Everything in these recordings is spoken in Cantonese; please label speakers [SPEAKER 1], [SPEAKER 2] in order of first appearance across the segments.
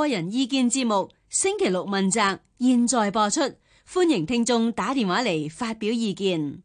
[SPEAKER 1] 個人意見節目星期六問責，現在播出，歡迎聽眾打電話嚟發表意見。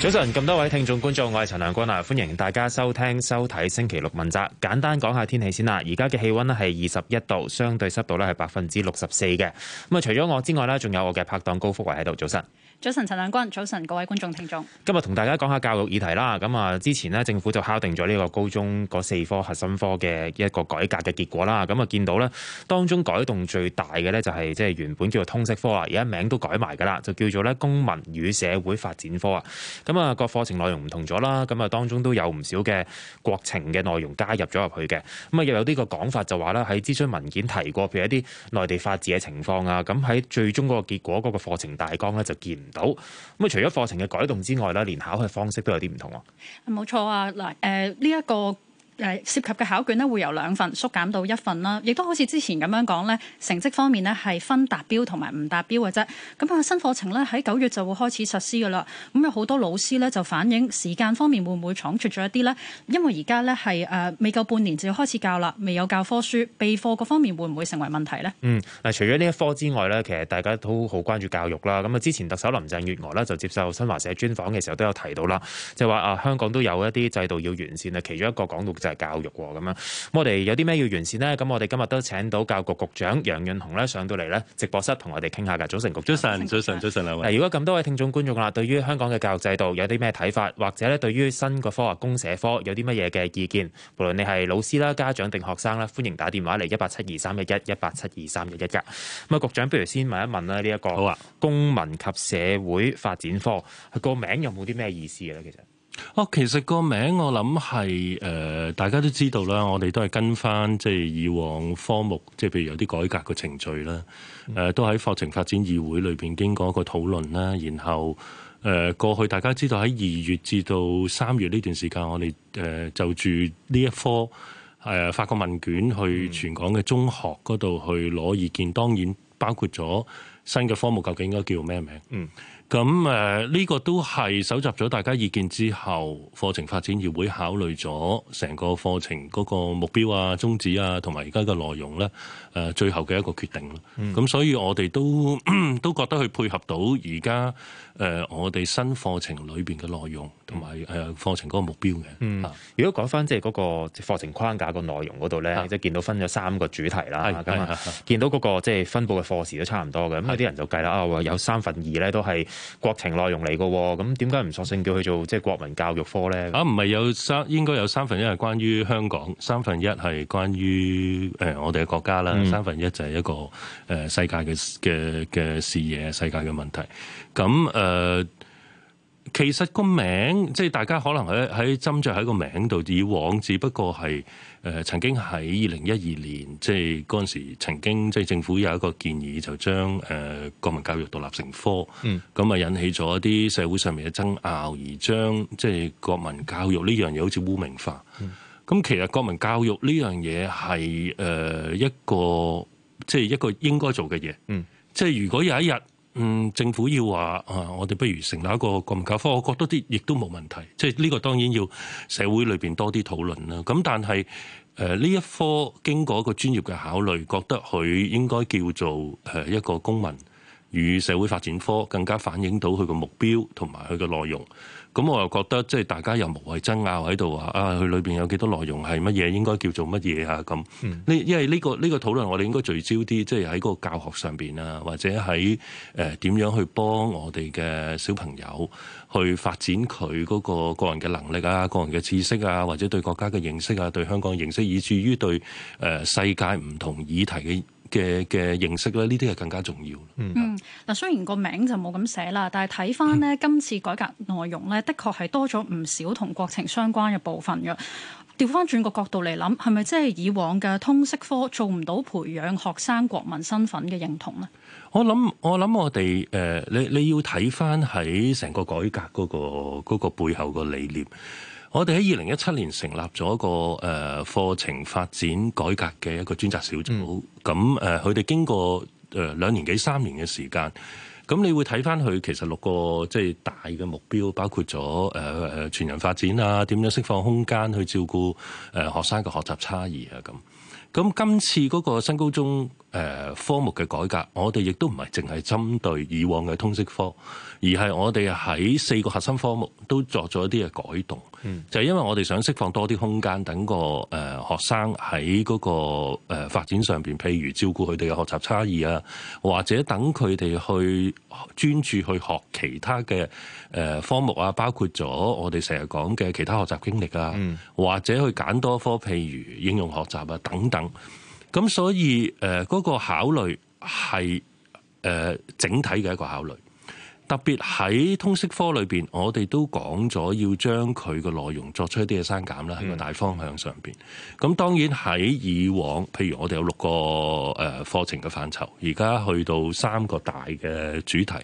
[SPEAKER 2] 早晨，咁多位聽眾觀眾，我係陳良君啊，歡迎大家收聽收睇星期六問責。簡單講下天氣先啦，而家嘅氣溫咧係二十一度，相對濕度咧係百分之六十四嘅。咁啊，除咗我之外咧，仲有我嘅拍檔高福圍喺度。早晨。
[SPEAKER 1] 早晨，陳亮君，早晨，各位觀眾、聽眾。
[SPEAKER 2] 今日同大家講下教育議題啦。咁啊，之前呢，政府就敲定咗呢個高中嗰四科核心科嘅一個改革嘅結果啦。咁啊，見到咧當中改動最大嘅咧就係即係原本叫做通識科啊，而家名都改埋㗎喇，就叫做咧公民與社會發展科啊。咁啊，個課程內容唔同咗啦。咁啊，當中都有唔少嘅國情嘅內容加入咗入去嘅。咁啊，又有啲個講法就話咧喺諮詢文件提過，譬如一啲內地法治嘅情況啊。咁喺最終嗰個結果嗰個課程大綱咧就見到咁啊。除咗課程嘅改動之外咧，連考核嘅方式都有啲唔同
[SPEAKER 1] 啊。冇錯啊，嗱，誒呢一個。誒涉及嘅考卷咧會由兩份縮減到一份啦，亦都好似之前咁樣講呢，成績方面呢，係分達標同埋唔達標嘅啫。咁啊新課程呢，喺九月就會開始實施㗎喇。咁有好多老師呢，就反映時間方面會唔會倉促咗一啲呢？因為而家呢，係誒未夠半年就要開始教啦，未有教科書備課嗰方面會唔會成為問題呢？
[SPEAKER 2] 嗯，嗱，除咗呢一科之外呢，其實大家都好關注教育啦。咁啊，之前特首林鄭月娥呢，就接受新華社專訪嘅時候都有提到啦，就話啊香港都有一啲制度要完善啊，其中一個講到。就係、是、教育咁樣。咁我哋有啲咩要完善呢？咁我哋今日都請到教育局局長楊潤雄咧上到嚟咧直播室同我哋傾下㗎。早晨，局長。早晨，早晨，早晨兩位。嗱，如果咁多位聽眾觀眾啦，對於香港嘅教育制度有啲咩睇法，或者咧對於新個科啊，公社科有啲乜嘢嘅意見？無論你係老師啦、家長定學生啦，歡迎打電話嚟一八七二三一一一八七二三一一噶。咁啊，局長，不如先問一問啦、呢個，呢一個好啊，公民及社會發展科個名有冇啲咩意思咧？其實？
[SPEAKER 3] 哦，其實個名我諗係誒，大家都知道啦。我哋都係跟翻即係以往科目，即係譬如有啲改革嘅程序啦。誒、呃，都喺課程發展議會裏邊經過一個討論啦。然後誒、呃，過去大家知道喺二月至到三月呢段時間，我哋誒、呃，就住呢一科誒發個問卷去全港嘅中學嗰度去攞意見。當然包括咗新嘅科目究竟應該叫咩名？嗯。咁誒呢個都係搜集咗大家意見之後，課程發展議會考慮咗成個課程嗰個目標啊、宗旨啊，同埋而家嘅內容咧、呃，最後嘅一個決定。咁、嗯、所以我哋都都覺得去配合到而
[SPEAKER 2] 家誒我哋新課程裏面嘅內容。同埋誒課程嗰個目標嘅。嗯。如果講翻即係嗰個課程框架個內容嗰度咧，即、啊、係見到分咗三個主題啦。係係係。見到嗰個即係分佈嘅課時都差唔多嘅。咁有啲人就計啦，啊話有三分二咧都係國情內容嚟嘅喎。咁點解唔索性叫佢做即係國民教育科咧？啊，唔係有
[SPEAKER 3] 三應該有三分一係關於香港，三分一係關於誒、呃、我哋嘅國家啦、嗯，三分一就係一個誒世界嘅嘅嘅視野、世界嘅問題。咁誒。呃其實個名即係大家可能喺喺斟酌喺個名度，以往只不過係、呃、曾經喺二零一二年，即係嗰陣時曾經即係政府有一個建議就將，就將誒國民教育獨立成科，咁、嗯、啊引起咗一啲社會上面嘅爭拗，而將即係國民教育呢樣嘢好似污名化。咁、嗯、其實國民教育呢樣嘢係誒一個即係一個應該做嘅嘢、嗯。即係如果有一日。嗯，政府要話啊，我哋不如成立一個國民教科，我覺得啲亦都冇問題。即係呢個當然要社會裏邊多啲討論啦。咁但係誒呢一科經過一個專業嘅考慮，覺得佢應該叫做誒一個公民與社會發展科，更加反映到佢個目標同埋佢嘅內容。咁我又覺得即係大家又無謂爭拗喺度話啊，佢裏邊有幾多內容係乜嘢應該叫做乜嘢啊咁。呢、嗯、因為呢、呢個呢、呢個討論我哋應該聚焦啲，即係喺個教學上邊啊，或者喺誒點樣去幫我哋嘅小朋友去發展佢嗰個個人嘅能力啊、個人嘅知識啊，或者對國家嘅認識啊、對香港嘅認識，以至於對誒、呃、世界唔同議題嘅。嘅嘅認識咧，呢啲係更加重要。嗯，
[SPEAKER 1] 嗱，雖然個名就冇咁寫啦，但係睇翻呢，今次改革內容呢，的確係多咗唔少同國情相關嘅部分嘅。調翻轉個角度嚟諗，係咪即係以往嘅通識科做唔到培養學生國民身份嘅認同呢？
[SPEAKER 3] 我諗我諗我哋、呃、你你要睇翻喺成個改革嗰個嗰個背後個理念。我哋喺二零一七年成立咗一個誒課程發展改革嘅一個專責小組，咁誒佢哋經過誒兩年幾三年嘅時間，咁你會睇返佢其實六個即係大嘅目標，包括咗誒全人發展啊，點樣釋放空間去照顧誒學生嘅學習差異啊，咁咁今次嗰個新高中誒科目嘅改革，我哋亦都唔係淨係針對以往嘅通識科。而係我哋喺四個核心科目都作咗一啲嘅改動，就係因為我哋想釋放多啲空間，等個誒學生喺嗰個誒發展上面，譬如照顧佢哋嘅學習差異啊，或者等佢哋去專注去學其他嘅誒科目啊，包括咗我哋成日講嘅其他學習經歷啊，或者去揀多科，譬如應用學習啊等等。咁所以誒嗰個考慮係誒整體嘅一個考慮。特別喺通識科裏邊，我哋都講咗要將佢個內容作出一啲嘅刪減啦，喺個大方向上邊。咁、嗯、當然喺以往，譬如我哋有六個誒課程嘅範疇，而家去到三個大嘅主題。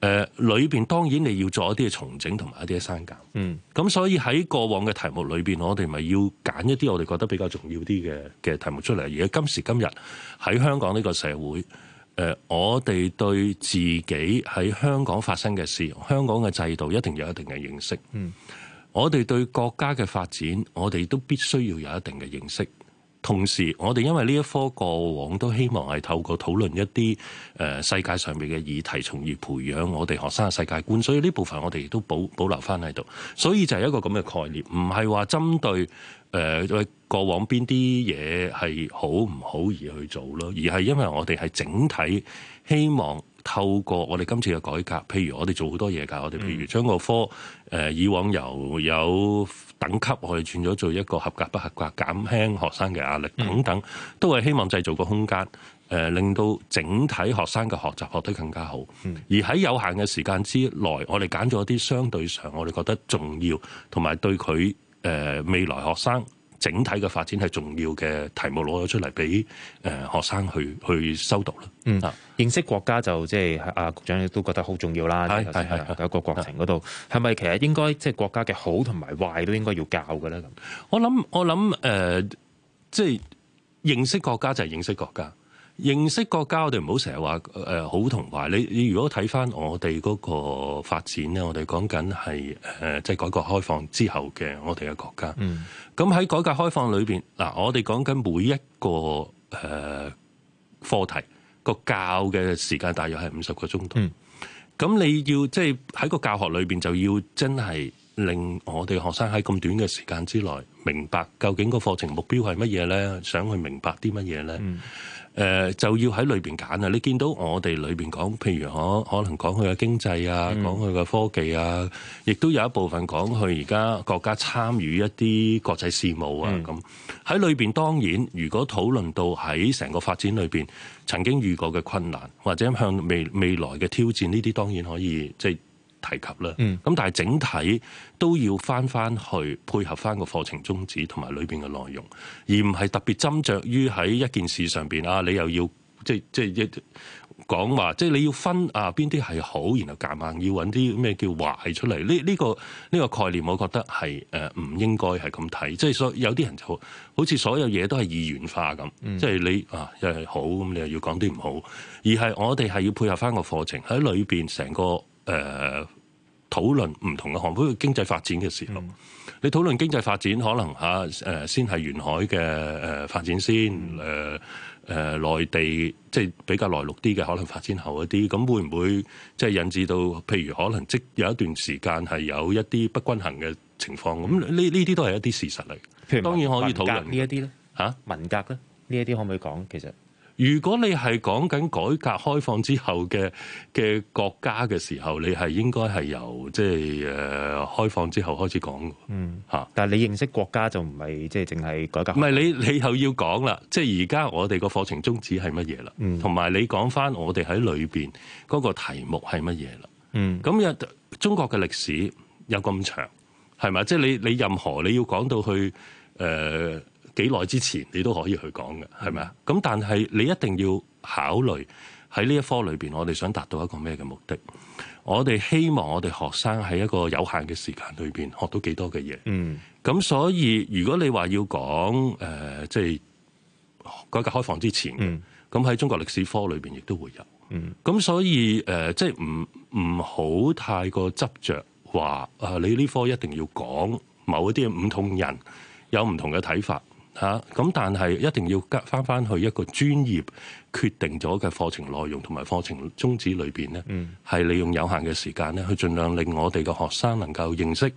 [SPEAKER 3] 誒裏邊當然你要做一啲嘅重整同埋一啲嘅刪減。嗯。咁所以喺過往嘅題目裏邊，我哋咪要揀一啲我哋覺得比較重要啲嘅嘅題目出嚟。而家今時今日喺香港呢個社會。呃、我哋對自己喺香港發生嘅事，香港嘅制度一定有一定嘅認識。嗯，我哋對國家嘅發展，我哋都必須要有一定嘅認識。同時，我哋因為呢一科過往都希望係透過討論一啲、呃、世界上面嘅議題，從而培養我哋學生嘅世界觀。所以呢部分我哋亦都保保留翻喺度。所以就係一個咁嘅概念，唔係話針對、呃過往邊啲嘢係好唔好而去做咯，而係因為我哋係整體希望透過我哋今次嘅改革，譬如我哋做好多嘢噶，我哋譬如將個科誒以往由有等級我哋轉咗做一個合格不合格，減輕學生嘅壓力等等，都係希望製造個空間誒令到整體學生嘅學習學得更加好。而喺有限嘅時間之內，我哋揀咗啲相對上我哋覺得重要，同埋對佢誒未來學生。整體嘅發展係重要嘅題目，攞咗出嚟俾誒
[SPEAKER 2] 學生去去修讀啦。嗯啊，認識國家就即係阿局長都覺得好重要啦。係係係，有、就是、一個國情嗰度係咪其實應該即係國家嘅好同埋壞都應該要教嘅咧？咁我諗我諗誒，即、呃、係、就是、認識國家就係認
[SPEAKER 3] 識國家。認識國家，我哋唔好成日話誒好同壞。你你如果睇返我哋嗰個發展咧，我哋講緊係誒，即係改革開放之後嘅我哋嘅國家。嗯。咁喺改革開放裏邊嗱，我哋講緊每一個誒課題個教嘅時間大約係五十個鐘度。咁你要即係喺個教學裏邊就要真係令我哋學生喺咁短嘅時間之內明白究竟個課程目標係乜嘢咧？想去明白啲乜嘢咧？誒、呃、就要喺裏面揀啊！你見到我哋裏面講，譬如可可能講佢嘅經濟啊，講佢嘅科技啊，亦都有一部分講佢而家國家參與一啲國際事務啊。咁喺裏面，當然，如果討論到喺成個發展裏面曾經遇過嘅困難，或者向未未來嘅挑戰，呢啲當然可以即係提及啦，咁但係整體都要翻翻去配合翻個課程宗旨同埋裏邊嘅內容，而唔係特別斟酌於喺一件事上邊啊！你又要即係即係一講話，即係你要分啊邊啲係好，然後夾硬要揾啲咩叫壞出嚟？呢呢個呢個概念，我覺得係誒唔應該係咁睇，即係所有啲人就好似所有嘢都係二元化咁，即係你啊又係好，咁你又要講啲唔好，而係我哋係要配合翻個課程喺裏邊成個。誒、呃、討論唔同嘅行，包括經濟發展嘅時候，嗯，你討論經濟發展，可能嚇誒、呃、先係沿海嘅誒發展先，誒、嗯、誒、呃呃、內地即係比較內陸啲嘅，可能發展後一啲。咁會唔會即係引致到，譬如可能即有一段時間係有一啲不均衡嘅情況？咁呢呢啲都係一啲事實嚟。當然可以討論文呢一啲咧嚇文革咧呢
[SPEAKER 2] 一啲可唔可以講
[SPEAKER 3] 其實？如果你係講緊改革開放之後嘅嘅國家嘅時候，你係應該係由即係誒開放之後開始講嗯吓。但係你
[SPEAKER 2] 認識國家就唔係即係淨係改革開放。唔係你你又
[SPEAKER 3] 要講啦，即係而家我哋個課程宗旨係乜嘢啦？嗯，同埋你講翻我哋喺裏邊嗰個題目係乜嘢啦？嗯，咁有中國嘅歷史有咁長，係咪？即係你你任何你要講到去誒。呃幾耐之前你都可以去講嘅，係咪啊？咁但係你一定要考慮喺呢一科裏邊，我哋想達到一個咩嘅目的？我哋希望我哋學生喺一個有限嘅時間裏邊學到幾多嘅嘢。嗯。咁所以如果你話要講誒，即係、呃、即係、改革開放之前，咁、嗯、喺中國歷史科裏邊亦都會有。嗯。咁所以誒，即係唔唔好太過執着話啊，你呢科一定要講某一啲嘢，唔同人有唔同嘅睇法。嚇、啊、咁，但係一定要加翻翻去一個專業決定咗嘅課程內容同埋課程宗旨裏邊咧，係、嗯、利用有限嘅時間咧，去盡量令我哋嘅學生能夠認識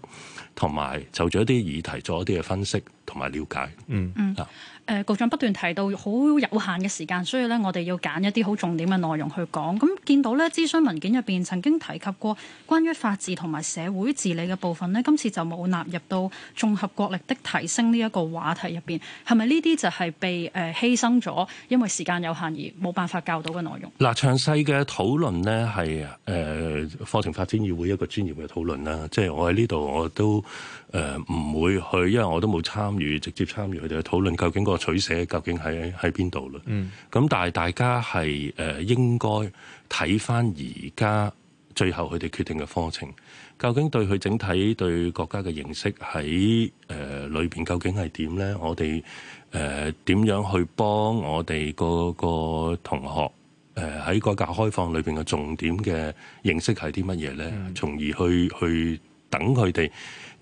[SPEAKER 3] 同埋就咗一啲議題做一啲嘅分析同埋了解。嗯嗯啊。
[SPEAKER 1] 誒局長不斷提到好有限嘅時間，所以咧我哋要揀一啲好重點嘅內容去講。咁見到咧諮詢文件入邊曾經提及過關於法治同埋社會治理嘅部分呢，今次就冇納入到綜合國力的提升呢一個話題入邊。係咪呢啲就係被誒犧牲咗，因為時間有限而冇辦法教到嘅內容？
[SPEAKER 3] 嗱，詳細嘅討論呢係誒課程發展議會一個專業嘅討論啦。即係我喺呢度我都。誒、呃、唔會去，因為我都冇參與直接參與佢哋嘅討論。究竟個取捨究竟喺喺邊度咧？咁、嗯、但係大家係誒、呃、應該睇翻而家最後佢哋決定嘅課程，究竟對佢整體對國家嘅認識喺誒裏邊究竟係點咧？我哋誒點樣去幫我哋、嗰個、嗰個同學誒喺改革開放裏邊嘅重點嘅認識係啲乜嘢咧？從而去去等佢哋。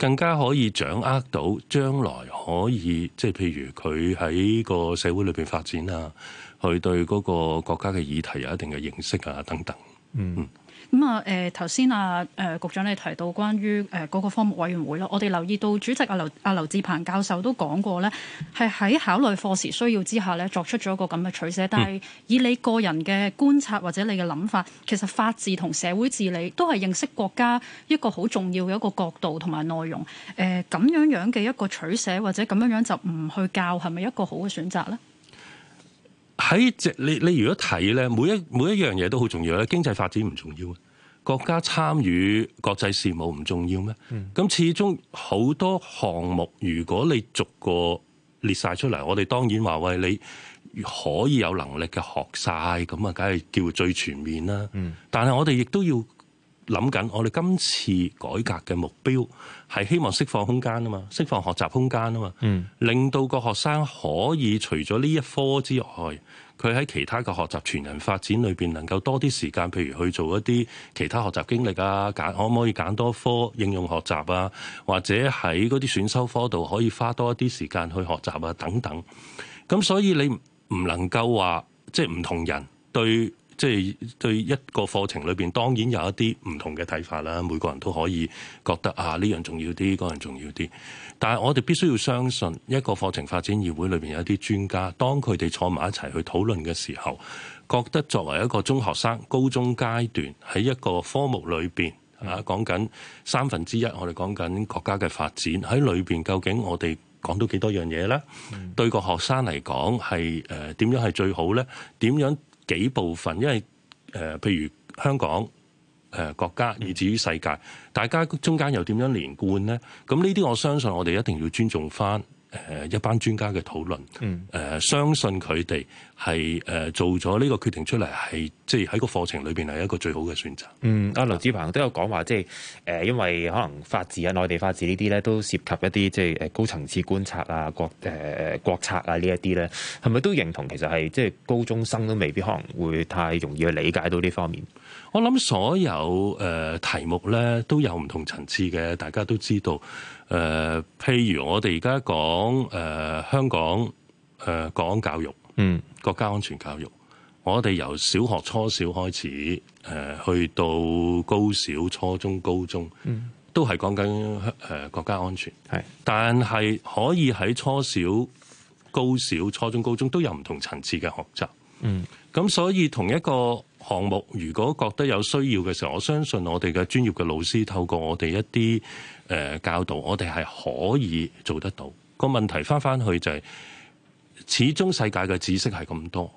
[SPEAKER 3] 更加可以掌握到將來可以即係譬如佢喺個社會裏邊發展啊，佢對嗰個國家嘅議題有一定嘅認識啊等等。嗯。
[SPEAKER 1] 咁啊，誒頭先啊，誒局長你提到關於誒嗰個科目委員會啦，我哋留意到主席阿劉阿劉志鵬教授都講過咧，係，喺考慮課時需要之下咧，作出咗一個咁嘅取捨，但係以你個人嘅觀察或者你嘅諗法，其實法治同社會治理都係認識國家一個好重要嘅一個角度同埋內容。誒咁樣樣嘅一個取捨或者咁樣樣就唔去教，係咪一個好嘅選擇咧？
[SPEAKER 3] 喺即你你如果睇咧，每一每一樣嘢都好重要咧。經濟發展唔重要啊？國家參與國際事務唔重要咩？咁、嗯、始終好多項目，如果你逐個列晒出嚟，我哋當然話喂，你可以有能力嘅學晒。咁啊，梗係叫做最全面啦。嗯、但係我哋亦都要。諗緊，我哋今次改革嘅目標係希望釋放空間啊嘛，釋放學習空間啊嘛，嗯，令到個學生可以除咗呢一科之外，佢喺其他嘅學習全人發展裏邊，能夠多啲時間，譬如去做一啲其他學習經歷啊，揀可唔可以揀多科應用學習啊，或者喺嗰啲選修科度可以多花多一啲時間去學習啊等等。咁所以你唔能夠話即係唔同人對。即係對一個課程裏面當然有一啲唔同嘅睇法啦。每個人都可以覺得啊，呢樣重要啲，嗰樣重要啲。但係我哋必須要相信一個課程發展議會裏面有一啲專家，當佢哋坐埋一齊去討論嘅時候，覺得作為一個中學生、高中階段喺一個科目裏面啊，講緊三分之一，我哋講緊國家嘅發展喺裏面究竟我哋講到幾多樣嘢呢？嗯、對個學生嚟講係誒點樣係最好呢？點樣？幾部分，因為誒、呃，譬如香港誒、呃、國家，以至於世界，大家中間又點樣連貫咧？咁呢啲，我相信我哋一定要尊重返。誒一班專家嘅討論，誒相信佢哋係誒
[SPEAKER 2] 做咗呢個決定出嚟，係即係喺個課程裏邊係一個最好嘅選擇。嗯，阿劉智鵬都有講話，即係誒，因為可能法治啊、內地法治呢啲咧，都涉及一啲即係誒高層次觀察啊、國誒、呃、國策啊呢一啲咧，係咪都認同其實係即係高中生都未必可能會太容易去理解到呢方面？我諗所有誒、
[SPEAKER 3] 呃、題目咧都有唔同層次嘅，大家都知道。誒、呃，譬如我哋而家講誒香港誒、呃、國安教育，嗯，國家安全教育，我哋由小學初小開始，誒、呃、去到高小、初中、高中，嗯，都係講緊誒國家安全。係，但係可以喺初小、高小、初中、高中都有唔同層次嘅學習。嗯，咁所以同一個。項目如果覺得有需要嘅時候，我相信我哋嘅專業嘅老師透過我哋一啲、呃、教導，我哋係可以做得到。個問題返返去就係、是，始終世界嘅知識係咁多，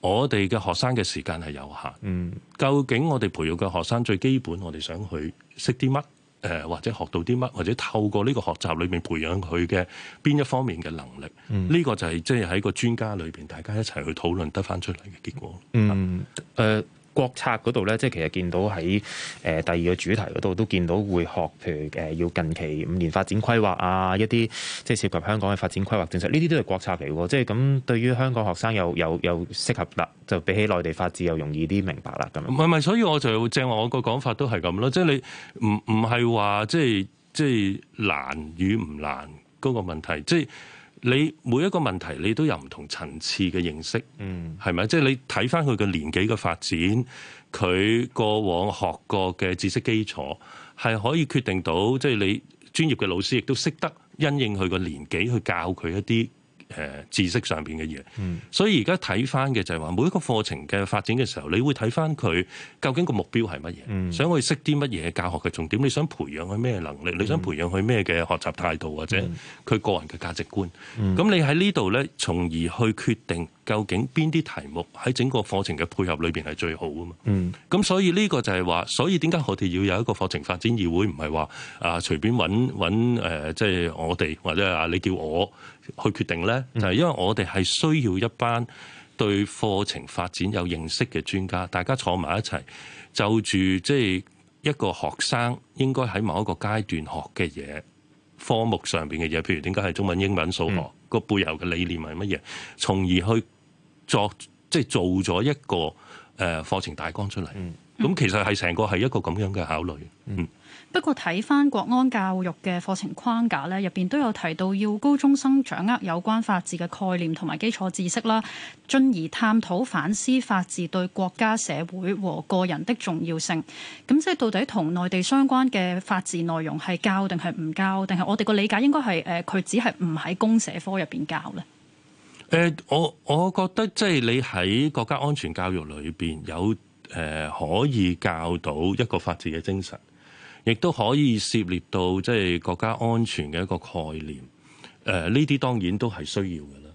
[SPEAKER 3] 我哋嘅學生嘅時間係有限。嗯，究竟我哋培育嘅學生最基本，我哋想去識啲乜？誒或者學到啲乜，或者透過呢個學習裏面培養佢嘅邊一方面嘅能力，呢、嗯呢個就係即係喺個專家裏邊大家一齊去討論得翻出嚟嘅結果。嗯，誒、
[SPEAKER 2] 呃。國策嗰度咧，即係其實見到喺誒第二個主題嗰度都見到會學，譬如誒要近期五年發展規劃啊，一啲即係涉及香港嘅發展規劃政策，呢啲都係國策嚟喎。即係咁，對於香港學生又又又適合啦，就比起內地法治又容易啲明白啦。咁
[SPEAKER 3] 唔係唔係，所以我就正話，我個講法都係咁咯。即係你唔唔係話即係即係難與唔難嗰個問題，即係。你每一個問題，你都有唔同層次嘅認識，嗯，係咪？即係你睇翻佢嘅年紀嘅發展，佢過往學過嘅知識基礎，係可以決定到，即係你專業嘅老師亦都識得因應佢嘅年紀去教佢一啲。誒知識上邊嘅嘢，所以而家睇翻嘅就係話每一個課程嘅發展嘅時候，你會睇翻佢究竟個目標係乜嘢，想去識啲乜嘢，教學嘅重點，你想培養佢咩能力、嗯，你想培養佢咩嘅學習態度或者佢個人嘅價值觀，咁、嗯、你喺呢度咧，從而去決定。究竟邊啲題目喺整個課程嘅配合裏邊係最好啊嘛？嗯，咁所以呢個就係話，所以點解我哋要有一個課程發展議會？唔係話啊隨便揾揾，誒即係我哋或者啊你叫我去決定咧，嗯，就係、是、因為我哋係需要一班對課程發展有認識嘅專家，大家坐埋一齊就住即係一個學生應該喺某一個階段學嘅嘢科目上邊嘅嘢，譬如點解係中文、英文、數學個、嗯、背後嘅理念係乜嘢，從而去。作即係做咗一個誒課程大綱出嚟，咁、嗯、其實係成個係一個咁樣嘅考慮。嗯，
[SPEAKER 1] 不過睇翻國安教育嘅課程框架咧，入邊都有提到要高中生掌握有關法治嘅概念同埋基礎知識啦，進而探討反思法治對國家社會和個人的重要性。咁即係到底同內地相關嘅法治內容係教定係唔教，定係我哋個理解應該係誒，佢、呃、只係唔喺公社科入邊教呢？
[SPEAKER 3] 誒，我我覺得即係你喺國家安全教育裏邊有誒，可以教到一個法治嘅精神，亦都可以涉獵到即係國家安全嘅一個概念。誒，呢啲當然都係需要嘅啦。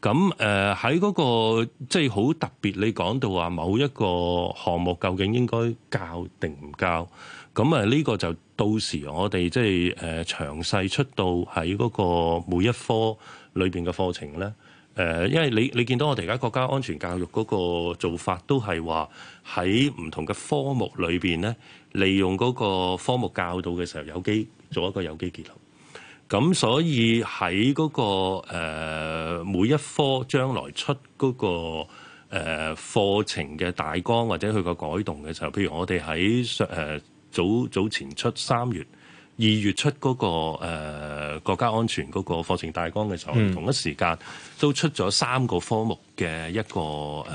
[SPEAKER 3] 咁誒，喺嗰個即係好特別，你講到話某一個項目究竟應該教定唔教？咁啊，呢個就到時我哋即係誒詳細出到喺嗰個每一科裏邊嘅課程咧。誒，因為你你見到我哋而家國家安全教育嗰個做法，都係話喺唔同嘅科目裏邊咧，利用嗰個科目教導嘅時候，有機做一個有機結合。咁所以喺嗰個誒每一科將來出嗰個誒課程嘅大綱或者佢個改動嘅時候，譬如我哋喺誒早早前出三月。二月出嗰個誒、呃、國家安全嗰個課程大綱嘅時候，嗯，同一時間都出咗三個科目。嘅一個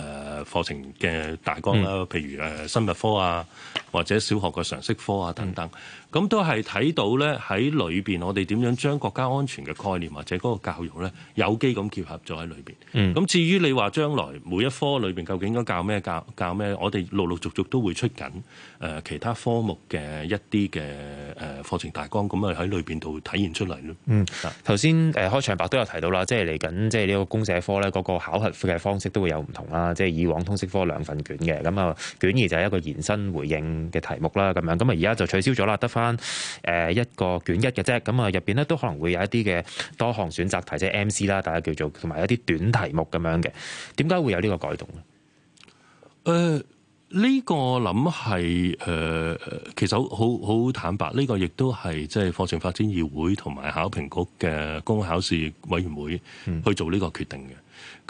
[SPEAKER 3] 誒課程嘅大綱啦，譬如誒生物科啊，或者小學嘅常識科啊等等，咁都係睇到咧，喺裏邊我哋點樣將國家安全嘅概念或者嗰個教育咧，有機咁結合咗喺裏邊，嗯，咁至於你話將來每一科裏邊究竟應該教咩教教咩，我哋陸陸續續都會出緊誒其他科
[SPEAKER 2] 目嘅一啲嘅誒課程大綱，咁啊喺裏邊度體現出嚟咯。嗯，嗱頭先誒開場白都有提到啦，即係嚟緊即係呢個公社科咧嗰個考核。嘅方式都會有唔同啦，即係以往通識科兩份卷嘅，咁啊卷二就係一個延伸回應嘅題目啦，咁樣咁啊而家就取消咗啦，得返誒一個卷一嘅啫，咁啊入邊咧都可能會有一啲嘅多項選擇題，即係 MC 啦，大家叫做同埋一啲短題目咁樣嘅。點解會有呢個改動啊？誒、呃。呢個諗係誒
[SPEAKER 3] 其實好好好坦白。呢個亦都係即係課程發展議會同埋考評局嘅公開考試委員會去做呢個決定嘅。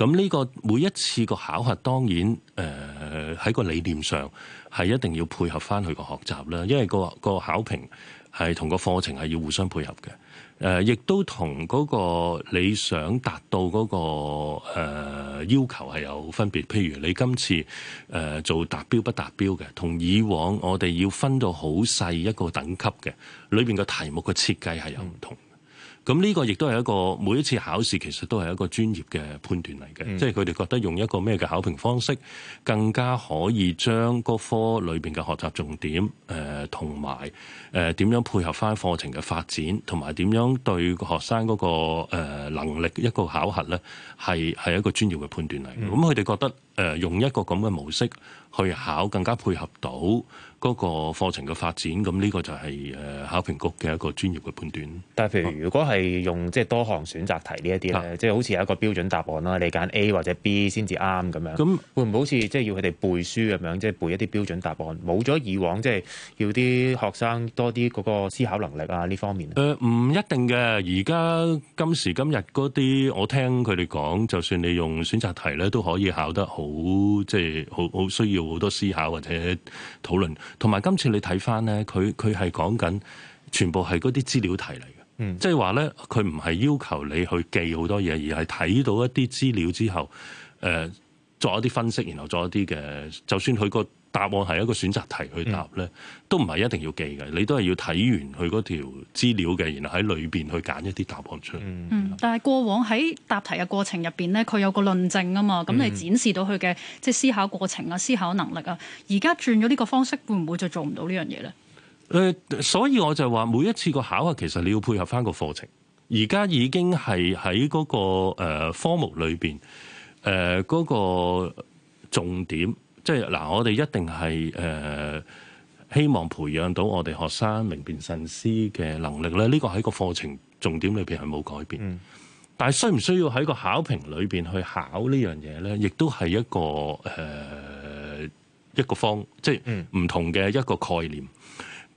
[SPEAKER 3] 咁、嗯、呢個每一次個考核當然誒喺個理念上係一定要配合翻佢個學習啦，因為個個考評係同個課程係要互相配合嘅。誒，亦都同嗰個你想達到嗰個誒要求係有分別。譬如你今次誒做達標不達標嘅，同以往我哋要分到好細一個等級嘅，裏面個題目嘅設計係有唔同。咁呢個亦都係一個每一次考試，其實都係一個專業嘅判斷嚟嘅，即係佢哋覺得用一個咩嘅考評方式，更加可以將個科裏面嘅學習重點，同埋誒點樣配合翻課程嘅發展，同埋點樣對學生嗰個誒能力一個考核呢，係係一個專業嘅判斷嚟。咁佢哋覺得誒用一個咁嘅模式去考，更加配合到。嗰、那個課程
[SPEAKER 2] 嘅發展，咁呢個就係誒考評局嘅一個專業嘅判斷。但係，譬如如果係用即係多項選擇題呢一啲咧，即、啊、係好似有一個標準答案啦，你揀 A 或者 B 先至啱咁樣。咁、嗯、會唔會好似即係要佢哋背書咁樣，即、就、係、是、背一啲標準答案？冇咗以往，即、就、係、是、要啲學生多啲嗰個思考能力啊呢方面。
[SPEAKER 3] 誒、呃、唔一定嘅，而家今時今日嗰啲，我聽佢哋講，就算你用選擇題咧，都可以考得好，即係好好需要好多思考或者討論。同埋今次你睇翻咧，佢佢係講緊全部係嗰啲資料題嚟嘅，即係話咧佢唔係要求你去記好多嘢，而係睇到一啲資料之後，誒、呃、作一啲分析，然後作一啲嘅，就算佢個。答案係一個選擇題去答咧、嗯，都唔係一定要記嘅，你都係要睇完佢嗰條資料嘅，然後喺裏邊去揀一啲答案出嚟。嗯，
[SPEAKER 1] 但係過往喺答題嘅過程入邊咧，佢有個論證啊嘛，咁你展示到佢嘅、嗯、即係思考過程啊、思考能力啊。而家轉咗呢個方式，會唔會就做唔到這件事呢樣
[SPEAKER 3] 嘢咧？誒、呃，所以我就話每一次個考啊，其實你要配合翻個課程。而家已經係喺嗰個、呃、科目裏邊，誒、呃、嗰、嗰個重點。即係嗱，我哋一定係誒、呃，希望培養到我哋學生明辨慎思嘅能力咧。呢、這個喺個課程重點裏邊係冇改變，嗯、但係需唔需要喺個考評裏邊去考這件事呢樣嘢咧？亦都係一個誒、呃、一個方，即係唔同嘅一個概念。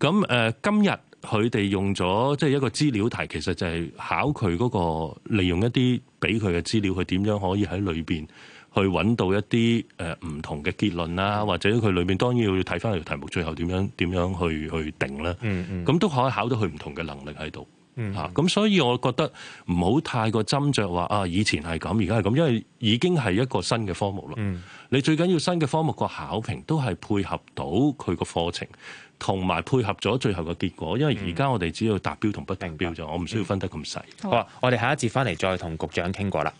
[SPEAKER 3] 咁、嗯、誒，今日佢哋用咗即係一個資料題，其實就係考佢嗰、那個利用一啲俾佢嘅資料，佢點樣可以喺裏邊。去揾到一啲呃、唔同嘅結論啦，或者佢裏面當然要睇翻個題目，最後點樣點樣去去定啦，嗯嗯，咁都可以考到佢唔同嘅能力喺度。嗯、
[SPEAKER 4] mm -hmm. 啊，
[SPEAKER 3] 咁所以我覺得唔好太過斟酌話啊，以前係咁，而家係咁，因為已經係一個新嘅科目啦。Mm -hmm. 你最緊要新嘅科目個考評都係配合到佢個課程，同埋配合咗最後嘅結果。因為而家我哋只要達標同不達標啫，mm -hmm. 我唔需要分得咁細。Mm
[SPEAKER 2] -hmm. 好啊，我哋下一節翻嚟再同局長傾過啦。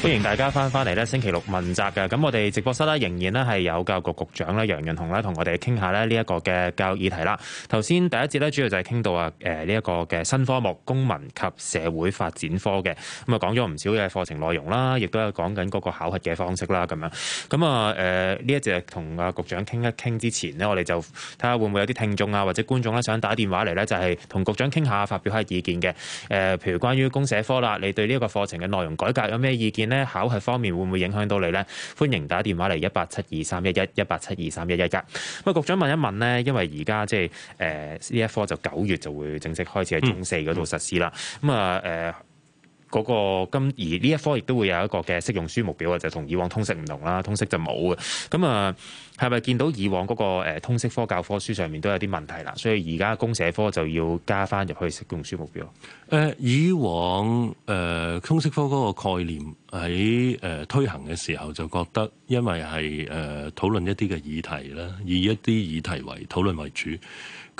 [SPEAKER 2] 歡迎大家翻返嚟咧，星期六問責嘅。咁，我哋直播室咧仍然咧係有教育局局長咧楊潤雄咧同我哋傾下咧呢一個嘅教育議題啦。頭先第一節咧主要就係傾到啊誒呢一個嘅新科目公民及社會發展科嘅，咁啊講咗唔少嘅課程內容啦，亦都有講緊嗰個考核嘅方式啦咁樣。咁啊誒呢一節同啊局長傾一傾之前咧，我哋就睇下會唔會有啲聽眾啊或者觀眾咧想打電話嚟咧，就係、是、同局長傾下發表下意見嘅誒，譬如關於公社科啦，你對呢一個課程嘅內容改革有咩意見？咧考核方面會唔會影響到你咧？歡迎打電話嚟一八七二三一一一八七二三一一噶。咁啊，局長問一問咧，因為而家即係誒呢一科就九月就會正式開始喺中四嗰度實施啦。咁啊誒。嗯嗰、那、今、個、而呢一科亦都會有一個嘅適用書目表啊，就同以往通識唔同啦，通識就冇嘅。咁啊，係咪見到以往嗰個通識科教科書上面都有啲問題啦？所以而家公社科就要加返入去適用書目表。誒、呃，以往
[SPEAKER 3] 誒、呃、通識科嗰個概念喺誒、呃、推行嘅時候，就覺得因為係誒、呃、討論一啲嘅議題啦，以一啲議題為討論為主。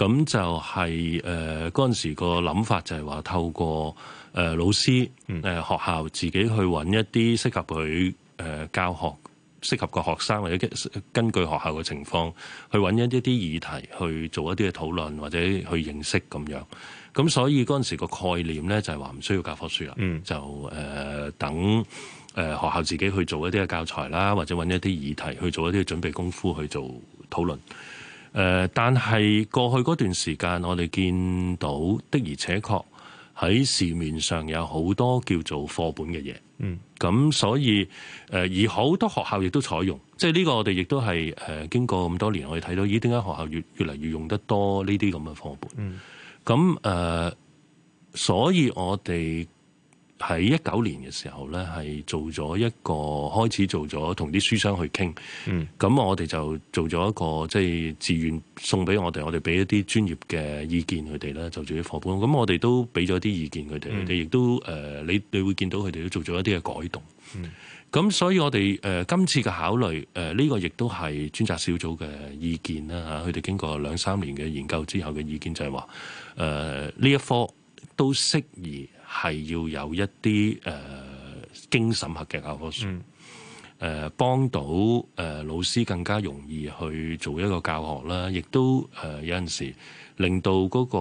[SPEAKER 3] 咁就係誒，嗰陣時個諗法就係話透過誒、呃、老師誒、呃、學校自己去揾一啲適合佢誒、呃、教學，適合個學生，或者根據學校嘅情況去揾一啲啲議題去做一啲嘅討論，或者去認識咁樣。咁所以嗰陣時個概念咧就係話唔需要教科書啦，嗯，就誒、呃、等學校自己去做一啲嘅教材啦，或者揾一啲議題去做一啲準備功夫去做討論。誒、呃，但係過去嗰段時間，我哋見到的而且確喺市面上有好多叫做課本嘅嘢，嗯，咁所以誒、呃，而好多學校亦都採用，即係呢個我哋亦都係誒經過咁多年，我哋睇到咦，點解學校越越嚟越用得多呢啲咁嘅課本？嗯，咁誒、呃，所以我哋。喺一九年嘅時候咧，係做咗一個開始做咗同啲書商去傾，咁、嗯、我哋就做咗一個即係自願送俾我哋，我哋俾一啲專業嘅意見佢哋啦，就做啲課本。咁我哋都俾咗啲意見佢哋，佢哋亦都誒，你、嗯呃、你會見到佢哋都做咗一啲嘅改動。咁、嗯、所以我哋誒、呃、今次嘅考慮，誒、呃、呢、這個亦都係專責小組嘅意見啦嚇，佢、啊、哋經過兩三年嘅研究之後嘅意見就係話，誒、呃、呢一科都適宜。係要有一啲誒、呃、經審核嘅教科書，誒、嗯呃、幫到誒、呃、老師更加容易去做一個教學啦，亦都誒、呃、有陣時。令到嗰個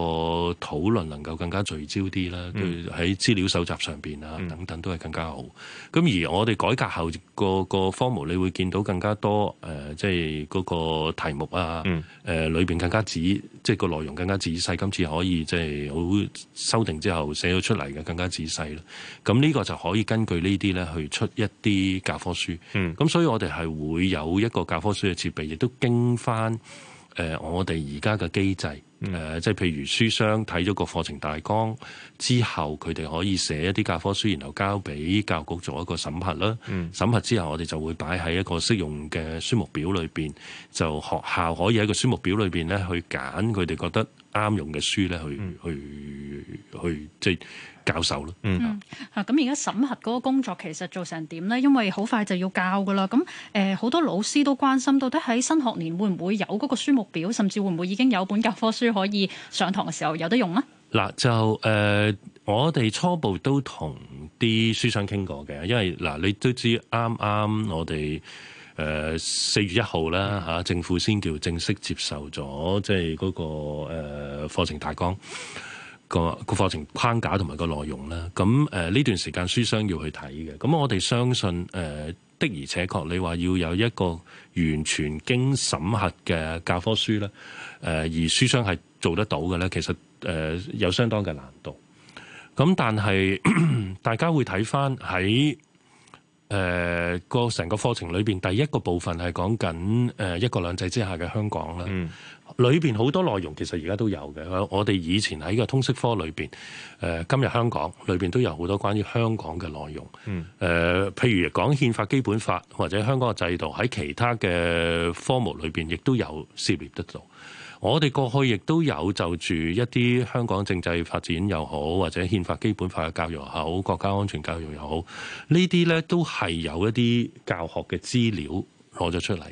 [SPEAKER 3] 討論能夠更加聚焦啲啦，喺、嗯、資料搜集上面啊，等等都係更加好。咁、嗯、而我哋改革後、個個科目，你會見到更加多誒，即係嗰個題目啊，誒、嗯、裏、呃、面更加仔，即、就、係、是、個內容更加仔細。今次可以即係好修訂之後寫咗出嚟嘅，更加仔細啦。咁呢個就可以根據呢啲咧去出一啲教科書。咁、嗯、所以我哋係會有一個教科書嘅設備，亦都經翻。誒、呃，我哋而家嘅機制，即、呃、係譬如書商睇咗個課程大綱之後，佢哋可以寫一啲教科書，然後交俾教育局做一個審核啦。審核之後，我哋就會擺喺一個適用嘅書目表裏面，就學校可以喺個書目表裏面咧去揀佢哋覺得。啱用嘅書咧，去去去即係教授咯。嗯，
[SPEAKER 1] 吓咁而家審核嗰個工作其實做成點咧？因為好快就要教噶啦。咁誒，好、呃、多老師都關心，到底喺新學年會唔會有嗰個書目表，甚至會唔會已經有本教科書可以上堂嘅時候有得用咧？嗱、
[SPEAKER 3] 嗯呃嗯，就誒、呃，我哋初步都同啲書商傾過嘅，因為嗱、呃，你都知啱啱我哋。誒、呃、四月一號啦，嚇政府先叫正式接受咗，即係嗰個誒、呃、課程大綱個個課程框架同埋個內容啦。咁誒呢段時間書商要去睇嘅。咁我哋相信誒、呃、的而且確，你話要有一個完全經審核嘅教科書咧，誒、呃、而書商係做得到嘅咧。其實誒、呃、有相當嘅難度。咁但係 大家會睇翻喺。誒個成個課程裏面，第一個部分係講緊誒一國兩制之下嘅香港啦，嗯、裏面好多內容其實而家都有嘅。我哋以前喺個通識科裏面，誒、呃、今日香港裏面都有好多關於香港嘅內容。誒、嗯呃、譬如講憲法基本法或者香港嘅制度，喺其他嘅科目裏面亦都有涉獵得到。我哋過去亦都有就住一啲香港政制發展又好，或者憲法基本法嘅教育又好，國家安全教育又好，呢啲呢都係有一啲教學嘅資料攞咗出嚟。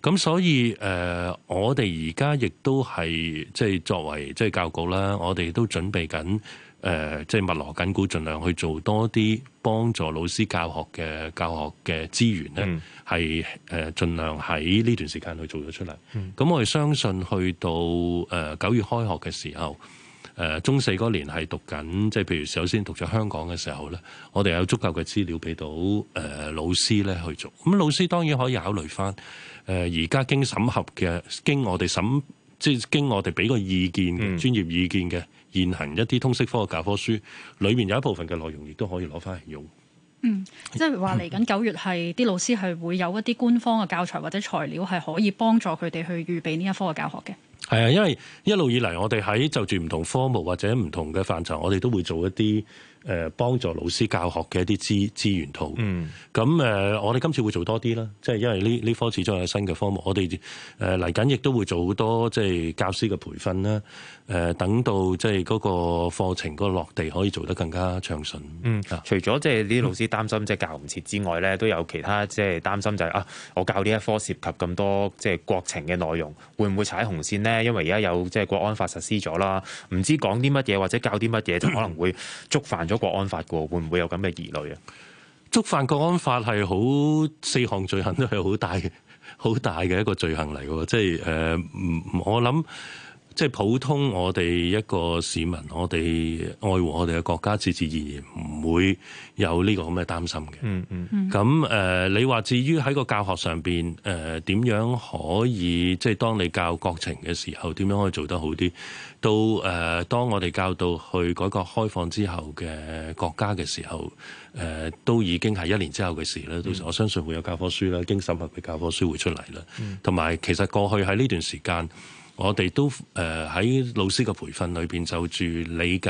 [SPEAKER 3] 咁所以誒、呃，我哋而家亦都係即係作為即係教育局啦，我哋都準備緊。誒、呃，即係密鑼緊鼓，儘量去做多啲幫助老師教學嘅教學嘅資源咧，係、嗯、誒，儘、呃、量喺呢段時間去做咗出嚟。咁、嗯、我哋相信去到誒九、呃、月開學嘅時候，誒、呃、中四嗰年係讀緊，即係譬如首先讀咗香港嘅時候咧，我哋有足夠嘅資料俾到誒、呃、老師咧去做。咁、嗯嗯、老師當然可以考慮返，誒而家經審核嘅，經我哋審，即係經我哋俾個意見，專業意見嘅。現行一啲通識科嘅教科書，裏面有一部分嘅內容，亦都可以攞翻嚟用。嗯，
[SPEAKER 1] 即係話嚟緊九月係啲、嗯、老師係會有一啲官方嘅教材或者材料，係可以幫助佢哋去預備呢一科嘅教學嘅。
[SPEAKER 3] 係啊，因為一路以嚟我哋喺就住唔同科目或者唔同嘅範疇，我哋都會做一啲誒幫助老師教學嘅一啲資資源套。嗯，咁誒、呃，我哋今次會做多啲啦，即係因為呢呢科始終有新嘅科目，我哋誒嚟緊亦都會做好多即係教師嘅培訓
[SPEAKER 2] 啦。誒等到即係嗰個課程嗰個落地可以做得更加暢順。嗯，除咗即係呢啲老師擔心即係教唔切之外咧，都有其他即係擔心就係啊，我教呢一科涉及咁多即係國情嘅內容，會唔會踩紅線呢？因為而家有即係國安法實施咗啦，唔知講啲乜嘢或者教啲乜嘢就可能會觸犯咗國安法嘅喎， 會唔會有咁嘅疑慮啊？觸犯國安法係好四項罪行都係
[SPEAKER 3] 好大好大嘅一個罪行嚟嘅，即係誒，我諗。即係普通我哋一個市民，我哋愛護我哋嘅國家，自自然然唔會有呢個咁嘅擔心
[SPEAKER 4] 嘅。嗯嗯嗯。咁、
[SPEAKER 3] 呃、誒，你話，至於喺個教學上邊誒點樣可以即係當你教國情嘅時候，點樣可以做得好啲？到誒、呃，當我哋教到去改革開放之後嘅國家嘅時候，誒、呃、都已經係一年之後嘅事啦。Mm -hmm. 到時我相信會有教科書啦，經審核嘅教科書會出嚟啦。Mm-hmm. 同埋，其實過去喺呢段時間。我哋都誒喺老師嘅培訓裏邊，就住理解，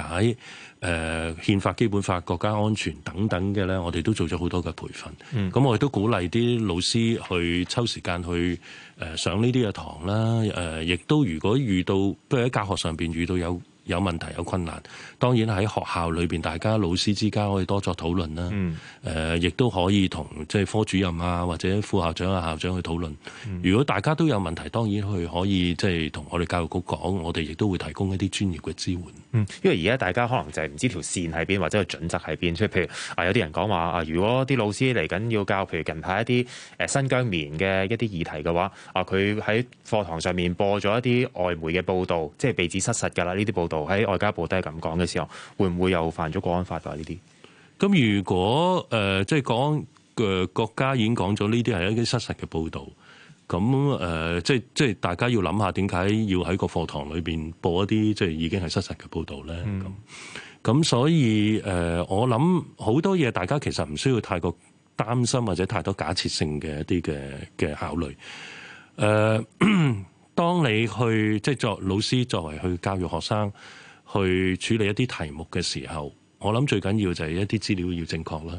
[SPEAKER 3] 誒憲法基本法、國家安全等等嘅咧，我哋都做咗好多嘅培訓，嗯，咁我亦都鼓勵啲老師去抽時間去誒上呢啲嘅堂啦。誒，亦都如果遇到譬如喺教學上邊遇到有有問題有困難，當然喺學校裏面，大家老師之間可以多作討論啦。誒、嗯，呃、亦都可以同即係科主任啊，或者副校長啊、校長去討論。嗯、如果大家都有問題，當然去可以即係同我哋教育局講，我哋
[SPEAKER 2] 亦都會提供一啲專業嘅支援。嗯，因為而家大家可能就係唔知條線喺邊或者個準則喺邊，即係譬如啊，有啲人講話啊，如果啲老師嚟緊要教，譬如近排一啲誒新疆棉嘅一啲議題嘅話，啊，佢喺課堂上面播咗一啲外媒嘅報導，即係被指失實㗎喇，呢啲報導喺外交部都係噉講嘅時候，會唔會又犯咗《國安法》啊？呢啲
[SPEAKER 3] 咁如果誒即係講嘅國家已經講咗呢啲係一啲失實嘅報導。咁誒、呃，即係即係大家要諗下點解要喺個課堂裏邊播一啲即係已經係失實嘅報道咧？咁、嗯、咁所以誒、呃、我諗好多嘢，大家其實唔需要太過擔心或者太多假設性嘅一啲嘅嘅考慮。誒，當你去即係作老師作為去教育學生，去處理一啲題目嘅時候。我諗最緊要就係一啲資料要正確啦，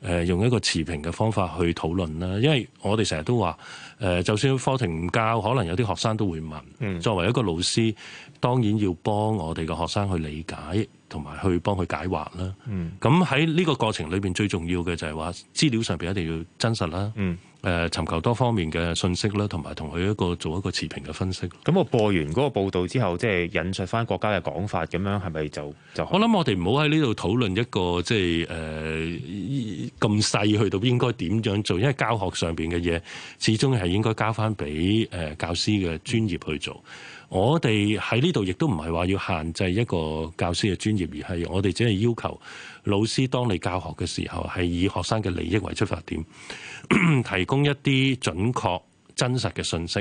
[SPEAKER 3] 呃，用一個持平嘅方法去討論啦。因為我哋成日都話，呃，就算課程唔教，可能有啲學生都會問。作為一個老師，當然要幫我哋嘅學生去理解。同埋去幫佢解惑啦。咁喺呢個過程裏面，最重要嘅就係話資料上面一定要真實啦，嗯呃。尋求
[SPEAKER 2] 多方面嘅信息啦，同埋同佢一個做一個持平嘅分析。咁我播完嗰個報導之後，即係引述翻國家嘅講法，咁樣係咪就就？我諗我哋唔好喺呢度討論一個即
[SPEAKER 3] 係咁細去到應該點樣做，因為教學上邊嘅嘢，始終係應該交翻俾呃教師嘅專業去做。嗯我哋喺呢度亦都唔係話要限制一個教師嘅專業，而係我哋只係要求老師，當你教學嘅時候，係以學生嘅利益為出發點， 提供一啲準確真實嘅信息，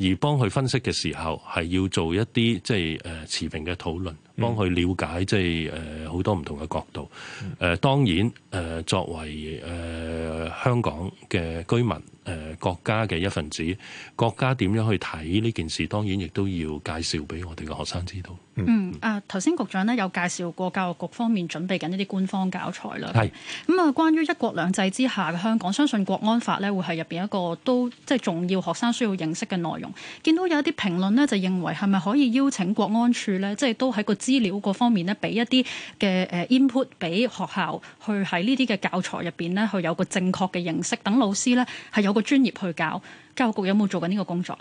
[SPEAKER 3] 而幫佢分析嘅時候，係要做一啲即係誒持平嘅討論，幫佢了解即係誒好多唔同嘅角度。誒、呃、當然誒、呃、作為誒、呃、香港嘅居民。誒國家嘅一份子，國家點樣去睇呢件事？當然亦都要介紹俾我哋嘅學生知道。
[SPEAKER 1] 嗯，啊頭先局長咧有介紹過教育局方面準備緊一啲官方教材啦。係咁啊，關於一國兩制之下嘅香港，相信國安法咧會係入邊一個都即係重要學生需要認識嘅內容。見到有一啲評論咧就認為係咪可以邀請國安處咧，即係都喺個資料個方面咧，俾一啲嘅誒 input 俾學校去喺呢啲嘅教材入邊咧，去有個正確嘅認識，等老師呢係有個專業去搞，教育局有冇做緊呢個工作？
[SPEAKER 3] 誒、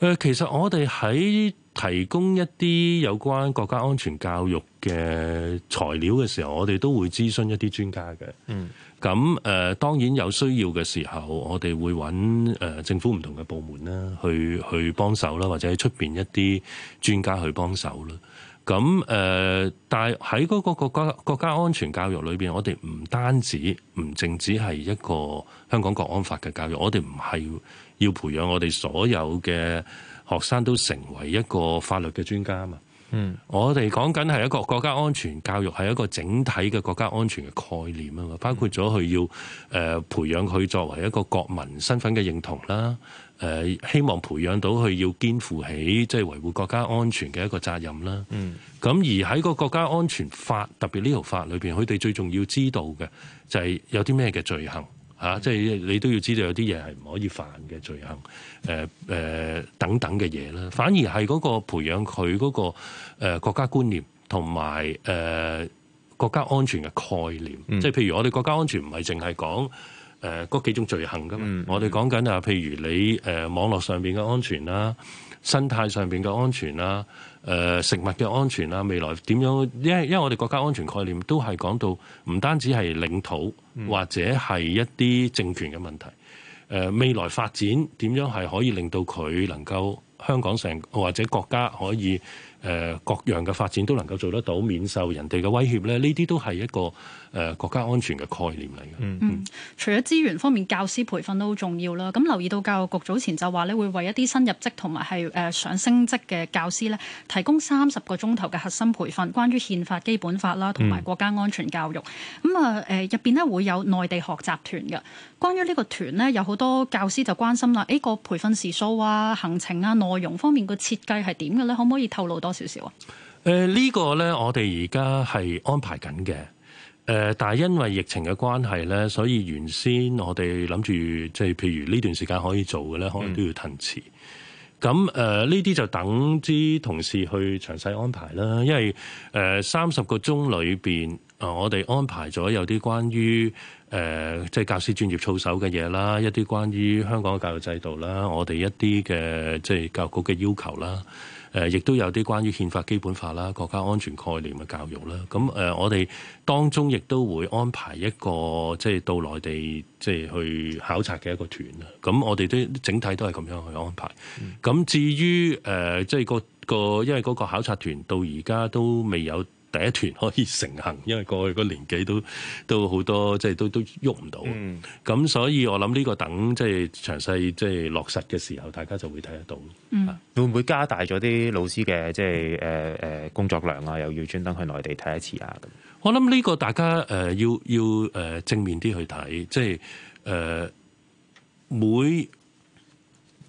[SPEAKER 3] 呃，其實我哋喺提供一啲有關國家安全教育嘅材料嘅時候，我哋都會諮詢一啲專家嘅。嗯，咁誒、呃，當然有需要嘅時候，我哋會揾誒、呃、政府唔同嘅部門啦，去去幫手啦，或者喺出邊一啲專家去幫手啦。咁誒，但係喺嗰個國家國家安全教育裏邊，我哋唔單止，唔淨止係一個香港國安法嘅教育，我哋唔係要培養我哋所有嘅學生都成為一個法律嘅專家啊嘛。嗯，我哋講緊係一個國家安全教育係一個整體嘅國家安全嘅概念啊嘛，包括咗佢要誒培養佢作為一個國民身份嘅認同啦。誒，希望培養到佢要肩負起即係維護國家安全嘅一個責任啦。嗯，咁而喺個國家安全法，特別呢條法裏邊，佢哋最重要知道嘅就係有啲咩嘅罪行吓，即、嗯、係、啊就是、你都要知道有啲嘢係唔可以犯嘅罪行。誒、呃、誒、呃，等等嘅嘢啦，反而係嗰個培養佢嗰個誒、呃、國家觀念同埋誒國家安全嘅概念。即、嗯、係譬如我哋國家安全唔係淨係講。嗰、呃、幾種罪行㗎嘛？嗯、我哋講緊啊，譬如你誒、呃、網絡上面嘅安全啦、啊、生態上面嘅安全啦、啊呃、食物嘅安全啦、啊，未來點樣？因為因為我哋國家安全概念都係講到唔單止係領土或者係一啲政權嘅問題，呃。未來發展點樣係可以令到佢能夠香港成或者國家可以、呃、各樣嘅發展都能夠做得到，免受人哋嘅威脅咧？呢啲都係一個，誒國家安全嘅概念嚟嘅。嗯嗯，
[SPEAKER 1] 除咗資源方面，教師培訓都好重要啦。咁留意到教育局早前就話咧，會為一啲新入職同埋係誒想升職嘅教師咧，提供三十個鐘頭嘅核心培訓，關於憲法、基本法啦，同埋國家安全教育。咁啊誒，入邊咧會有內地學習團嘅。關於呢個團咧，有好多教師就關心啦。誒個培訓時數啊、行程啊、內容方面個設計係點嘅咧？可唔可以透露多少少
[SPEAKER 3] 啊？誒、呃這個、呢個咧，我哋而家係安排緊嘅。誒、呃，但係因為疫情嘅關係咧，所以原先我哋諗住即係譬如呢段時間可以做嘅咧，可能都要騰遲。咁、呃、誒，呢啲就等啲同事去詳細安排啦。因為誒三十個鐘裏邊，啊、呃，我哋安排咗有啲關於誒，即、呃、係、就是、教師專業操守嘅嘢啦，一啲關於香港嘅教育制度啦，我哋一啲嘅即係教育局嘅要求啦。誒，亦都有啲關於憲法基本法啦、國家安全概念嘅教育啦。咁誒，我哋當中亦都會安排一個，即係到內地，即係去考察嘅一個團啦。咁我哋都整體都係咁樣去安排。咁至於誒，即係個個，因為嗰個考察團到而家都未有。第一團可以成行，因為過去個年紀都都好多，即係都都喐唔到。咁、嗯、所以，我諗呢個等即係詳細
[SPEAKER 2] 即係落實嘅時候，大家就會睇得到。嗯、會唔會加大咗啲老師嘅即係誒誒工作量啊？又要專登去內地睇一次啊？咁
[SPEAKER 3] 我諗呢個大家誒、呃、要要誒正面啲去睇，即係誒、呃、每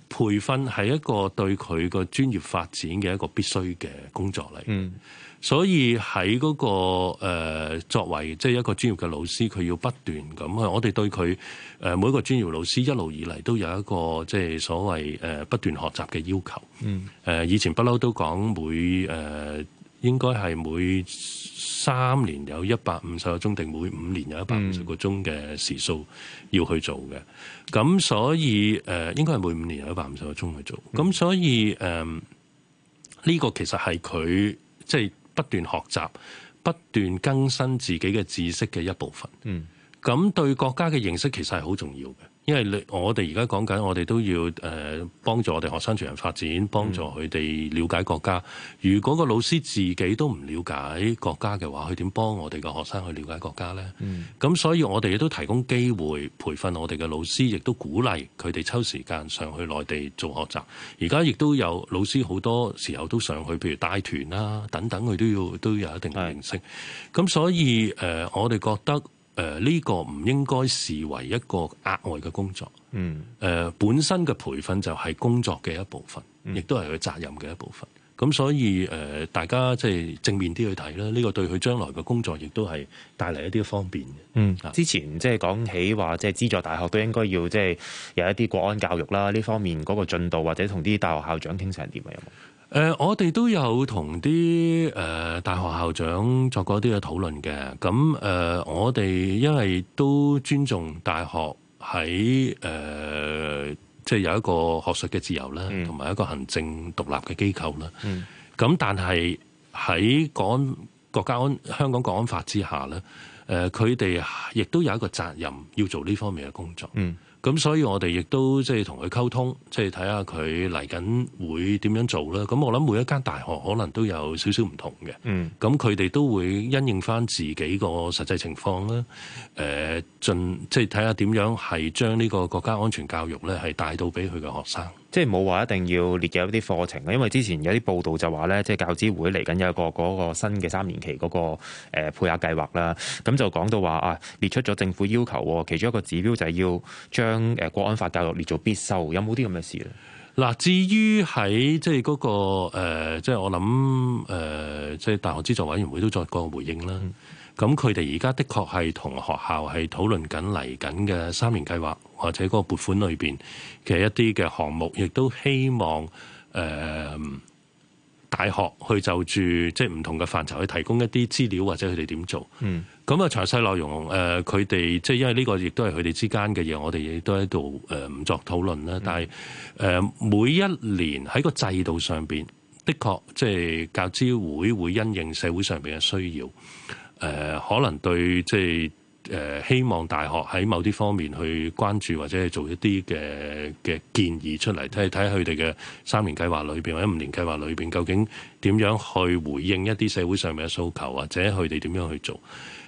[SPEAKER 3] 培訓係一個對佢個專業發展嘅一個必須嘅工作嚟。嗯所以喺嗰、嗰個誒、呃、作為即係一個專業嘅老師，佢要不斷咁。去我哋對佢誒、呃、每一個專業老師一路以嚟都有一個即係所謂誒、呃、不斷學習嘅要求。嗯。誒、呃、以前不嬲都講，呃、應該係每誒應該係每三年有一百五十個鐘定每五年有一百五十個鐘嘅時數要去做嘅。咁、嗯、所以誒、呃、應該係每五年有一百五十個鐘去做。咁所以誒呢、呃這個其實係佢即係。不斷學習，不斷更新自己嘅知識嘅一部分。嗯，咁對國家嘅認識其實係好重要嘅。因為我哋而家講緊，我哋都要誒幫助我哋學生全人發展，幫助佢哋了解國家。如果個老師自己都唔了解國家嘅話，佢點幫我哋嘅學生去了解國家呢？咁、嗯、所以我哋亦都提供機會培訓我哋嘅老師，亦都鼓勵佢哋抽時間上去內地做學習。而家亦都有老師好多時候都上去，譬如帶團啦等等，佢都要都有一定嘅認識。咁所以誒、呃，我哋覺得。誒呢個唔應該視為一個額外嘅工作，嗯誒本身嘅培訓就係工作嘅一部分，亦都係佢責任嘅一部分。咁所以誒，
[SPEAKER 2] 大家即係正面啲去睇啦。呢個對佢將來嘅工作，亦都係帶嚟一啲方便
[SPEAKER 3] 嘅。
[SPEAKER 4] 嗯，之
[SPEAKER 2] 前即係講起話，即係資助大學都應該要即係有一啲國安教育啦。呢方面嗰個進度或者同啲大學校長傾成點啊？有冇？
[SPEAKER 3] 誒、呃，我哋都有同啲誒大學校長作過啲嘅討論嘅，咁誒、呃，我哋因為都尊重大學喺誒，即、呃、係、就是、有一個學術嘅自由啦，同埋一個行政獨立嘅機構啦。咁、嗯、但係喺港國家安香港國安法之下咧，誒、呃，佢哋亦都有一個責任要做呢方面嘅工作。嗯咁所以我哋亦都即係同佢溝通，即係睇下佢嚟緊會點樣做啦。咁我諗每一間大學可能都有少少唔同嘅。嗯。咁佢哋都會因應翻自己個實際情況啦。誒，盡即係睇下點樣係將呢個國家安全教育咧係帶到俾佢嘅學生。
[SPEAKER 2] 即係冇話一定要列嘅一啲課程啊，因為之前有啲報道就話咧，即係教資會嚟緊有一個嗰、嗰個新嘅三年期嗰個配額計劃啦，咁就講到話啊，列出咗政府要求，其中一個指標就係要將誒國安法教育列做必修，有冇啲咁嘅事咧？嗱，至於喺即係嗰個即係、呃即係、我諗
[SPEAKER 3] 誒，即、呃、係、即係、大學資助委員會都作過回應啦。嗯。咁佢哋而家的確係同學校係討論緊嚟緊嘅三年計劃或者嗰個撥款裏邊嘅一啲嘅項目，亦都希望誒、呃、大學去就住即係唔同嘅範疇去提供一啲資料，或者佢哋點做。嗯，咁啊詳細內容誒，佢哋即係因為呢個亦都係佢哋之間嘅嘢，我哋亦都喺度誒唔作討論啦、嗯。但係誒、呃、每一年喺個制度上邊的確即係教資會會因應社會上邊嘅需要。誒、呃、可能對即係誒希望大學喺某啲方面去關注或者做一啲嘅嘅建議出嚟，睇睇佢哋嘅三年計劃裏面，或者五年計劃裏面，究竟點樣去回應一啲社會上面嘅訴求，或者佢哋點樣去做，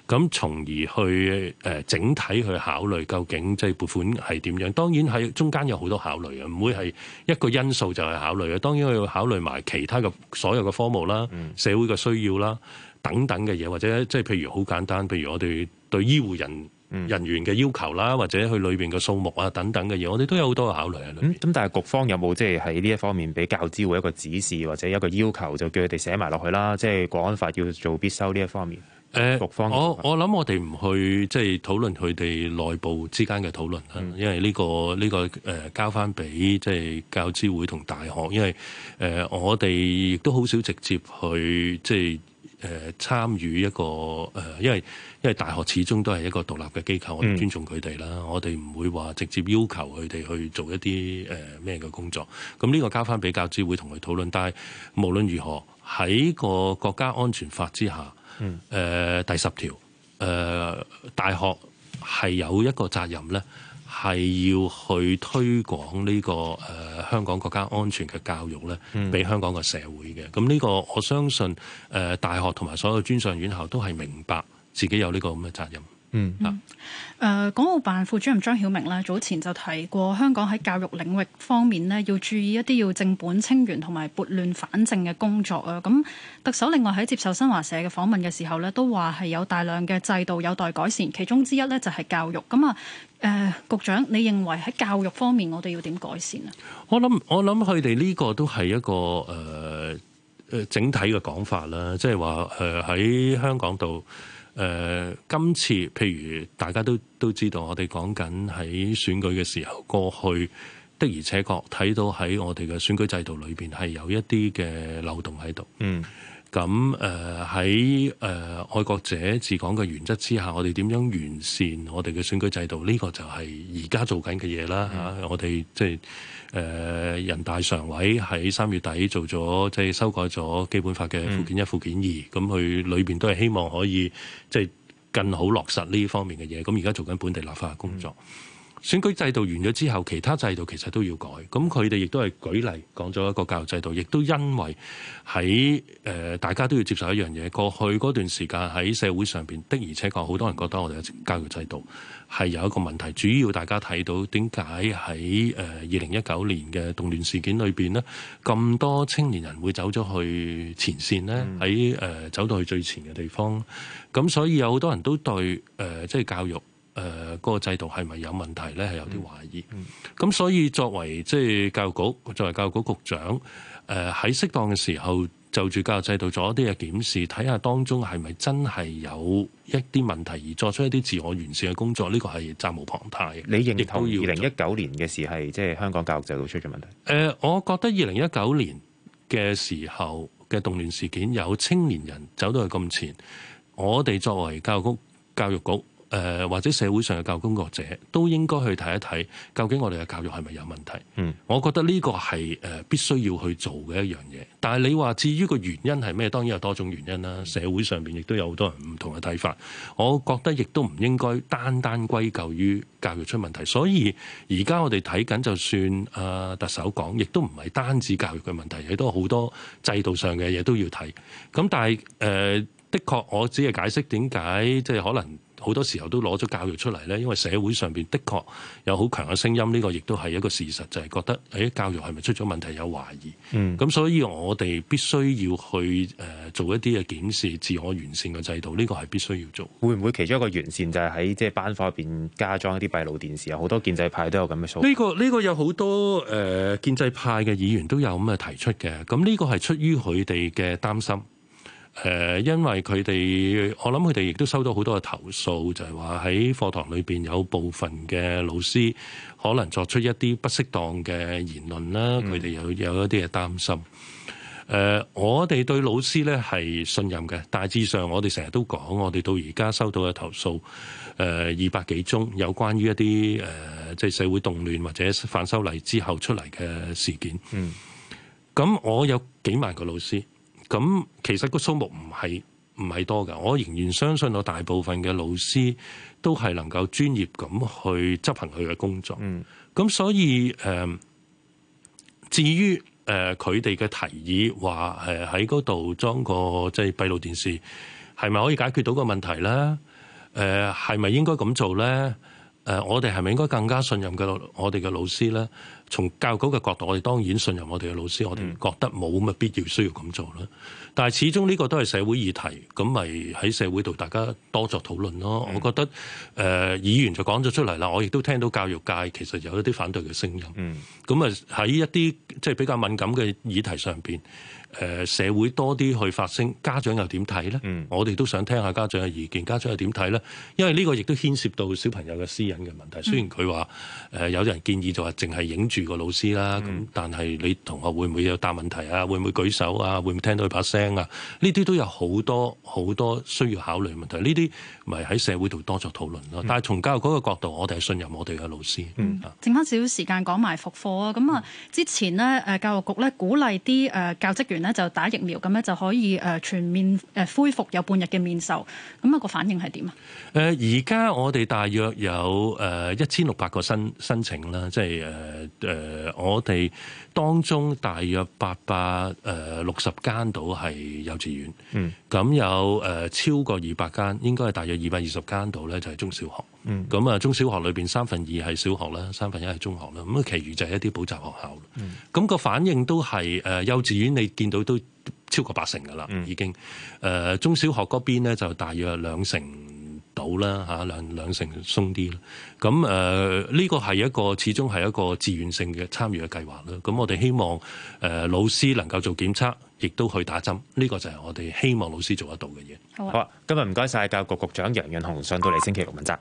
[SPEAKER 3] 咁從而去、呃、整體去考慮究竟即係撥款係點樣。當然係中間有好多考慮嘅，唔會係一個因素就係考慮嘅。當然佢要考慮埋其他嘅所有嘅科目啦，社會嘅需要啦。等等嘅嘢，或者即係譬如好簡單，譬如我哋對
[SPEAKER 2] 醫護人人員嘅要求啦、嗯，或者佢裏邊嘅數目啊，等等嘅嘢，我哋都有好多嘅考慮嘅。咁、嗯、但係局方有冇即係喺呢一方面俾教資會一個指示，或者一個要求，就叫佢哋寫埋落去啦？即係《國安法》要做必修呢一方面。誒、呃，局方我我諗我哋唔去
[SPEAKER 3] 即係討論佢哋內部之間嘅討論啦，因為呢、呢個呢、呢個誒、呃、交翻俾即係教資會同大學，因為誒、呃、我哋亦都好少直接去即係。就是誒、呃、參與一個誒、呃，因為因為大學始終都係一個獨立嘅機構，我哋尊重佢哋啦。嗯、我哋唔會話直接要求佢哋去做一啲誒咩嘅工作。咁呢個交翻俾教資會同佢討論。但係無論如何，喺個國家安全法之下，呃、第十條，誒、呃、大學係有一個責任咧。係要去推廣呢個、呃、香港國家安全嘅教育呢俾香港嘅社會嘅。咁呢個我相信、呃、大學同埋所有專上院校都係明白自己有呢個咁嘅責任。嗯
[SPEAKER 4] 啊、
[SPEAKER 1] 嗯呃，港澳辦副主任張曉明呢，早前就提過香港喺教育領域方面呢，要注意一啲要正本清源同埋撥亂反正嘅工作啊。咁特首另外喺接受新華社嘅訪問嘅時候呢，都話係有大量嘅制度有待改善，其中之一呢就係、是、教育。咁啊～誒、呃，局長，你認為喺教育方面我，我哋要點改善啊？
[SPEAKER 3] 我諗，我諗佢哋呢個都係一個、呃、整體嘅講法啦，即係話誒喺香港度誒、呃，今次譬如大家都都知道，我哋講緊喺選舉嘅時候，過去的而且確睇到喺我哋嘅選舉制度裏邊係有一啲嘅漏洞喺度，嗯。咁誒喺誒愛國者治港嘅原則之下，我哋點樣完善我哋嘅選舉制度？呢、這個就係而家做緊嘅嘢啦吓。我哋即係誒人大常委喺三月底做咗，即係修改咗基本法嘅附件一、附件二，咁佢裏面都係希望可以即係、就是、更好落實呢方面嘅嘢。咁而家做緊本地立法嘅工作。嗯選舉制度完咗之後，其他制度其實都要改。咁佢哋亦都係舉例講咗一個教育制度，亦都因為喺誒大家都要接受一樣嘢。過去嗰段時間喺社會上邊的而且確，好多人覺得我哋嘅教育制度係有一個問題。主要大家睇到點解喺誒二零一九年嘅動亂事件裏面呢，咁多青年人會走咗去前線呢，喺誒走到去最前嘅地方。咁所以有好多人都對誒，即係教育。誒、呃，嗰個制度係咪有問題呢？係有啲懷疑。咁、嗯嗯、所以作為即係教育局，作為教育局局長，誒、呃、喺適當嘅時候，就住教育制度做一啲嘅檢視，睇下當中係咪真係有一啲問題，而作出一啲
[SPEAKER 2] 自我完善嘅工作。呢、這個係責無旁貸。你認同二零一九年嘅事係即係香港教育制度出咗問題？誒、
[SPEAKER 3] 呃，我覺得二零一九年嘅時候嘅動亂事件，有青年人走到去咁前，我哋作為教育局、教育局。誒或者社會上嘅教育工作者都應該去睇一睇，究竟我哋嘅教育係咪有問題？嗯，我覺得呢個係誒必須要去做嘅一樣嘢。但係你話至於個原因係咩？當然有多種原因啦。社會上面亦都有好多人唔同嘅睇法。我覺得亦都唔應該單單歸咎於教育出問題。所以而家我哋睇緊，就算阿特首講，亦都唔係單止教育嘅問題，亦都好多制度上嘅嘢都要睇。咁但係誒、呃，的確我只係解釋點解即係可能。好多時候都攞咗教育出嚟咧，因為社會上邊的確有好強嘅聲音，呢、這個亦都係一個事實，就係、是、覺得誒、欸、教育係咪出咗問題有懷疑。嗯，咁所以我哋必須要去誒、
[SPEAKER 2] 呃、做一啲嘅檢視、自我完善嘅制度，呢、這個係必須要做。會唔會其中一個完善就係喺即係班房入邊加裝一啲閉路電視啊？好多建制派都有咁嘅訴。呢
[SPEAKER 3] 個呢個有好多誒、呃、建制派嘅議員都有咁嘅提出嘅。咁呢個係出於佢哋嘅擔心。誒、呃，因為佢哋，我諗佢哋亦都收到好多嘅投訴，就係話喺課堂裏邊有部分嘅老師可能作出一啲不適當嘅言論啦，佢、嗯、哋有有一啲嘅擔心。誒、呃，我哋對老師呢係信任嘅，大致上我哋成日都講，我哋到而家收到嘅投訴，誒二百幾宗，有關於一啲誒、呃、即係社會動亂或者反修例之後出嚟嘅事件。嗯，咁我有幾萬個老師。咁其實個數目唔係唔係多㗎，我仍然相信我大部分嘅老師都係能夠專業咁去執行佢嘅工作。嗯，咁所以誒、呃，至於誒佢哋嘅提議話誒喺嗰度裝個即係閉路電視，係咪可以解決到個問題咧？誒、呃，係咪應該咁做咧？誒、呃，我哋係咪應該更加信任嘅我哋嘅老師咧？從教育局嘅角度，我哋當然信任我哋嘅老師，我哋覺得冇乜必要需要咁做啦。但係始終呢個都係社會議題，咁咪喺社會度大家多作討論咯。我覺得誒、呃，議員就講咗出嚟啦，我亦都聽到教育界其實有一啲反對嘅聲音。咁啊喺一啲即係比較敏感嘅議題上邊。社會多啲去發聲，家長又點睇咧？我哋都想聽下家長嘅意見，家長又點睇咧？因為呢個亦都牽涉到小朋友嘅私隱嘅問題。嗯、雖然佢話有啲人建議就話淨係影住個老師啦，咁、嗯、但係你同學會唔會有答問題啊？會唔會舉手啊？會唔會聽到佢把聲啊？呢啲都有好多好多需要考慮嘅問題。呢啲咪喺社會度多作討論咯。但係從教育局個角度，我哋係信任我哋嘅老師。嗯。
[SPEAKER 1] 剩翻少少時間講埋復課啊！咁、嗯、啊，之前呢，教育局咧鼓勵啲教職員就打疫苗咁咧，就可以誒、呃、全面誒、呃、恢復有半日嘅面授，咁、個反應係點啊？誒、
[SPEAKER 3] 呃，而家我哋大約有誒一千六百個申申請啦，即係誒誒，我哋當中大約八百誒六十間度係幼稚園，嗯，咁有誒、呃、超過二百間，應該係大約二百二十間度咧，就係中小學。嗯，咁啊，中小學裏邊三分二係小學啦，三分一係中學啦，咁啊，其餘就係一啲補習學校。咁、嗯那個反應都係誒、呃、幼稚園，你見到都超過八成㗎啦、嗯，已經誒、呃、中小學嗰邊咧就大約兩成到啦嚇，兩兩成鬆啲。咁誒呢個係一個始終係一個自願性嘅參與嘅計劃啦。咁我哋希望誒、呃、老師能夠做檢測，亦都去打針。呢、這個就係我哋希望老師做得到嘅嘢、啊。好啊，今日唔該晒教育局局長楊潤雄上到嚟星期六問
[SPEAKER 4] 責。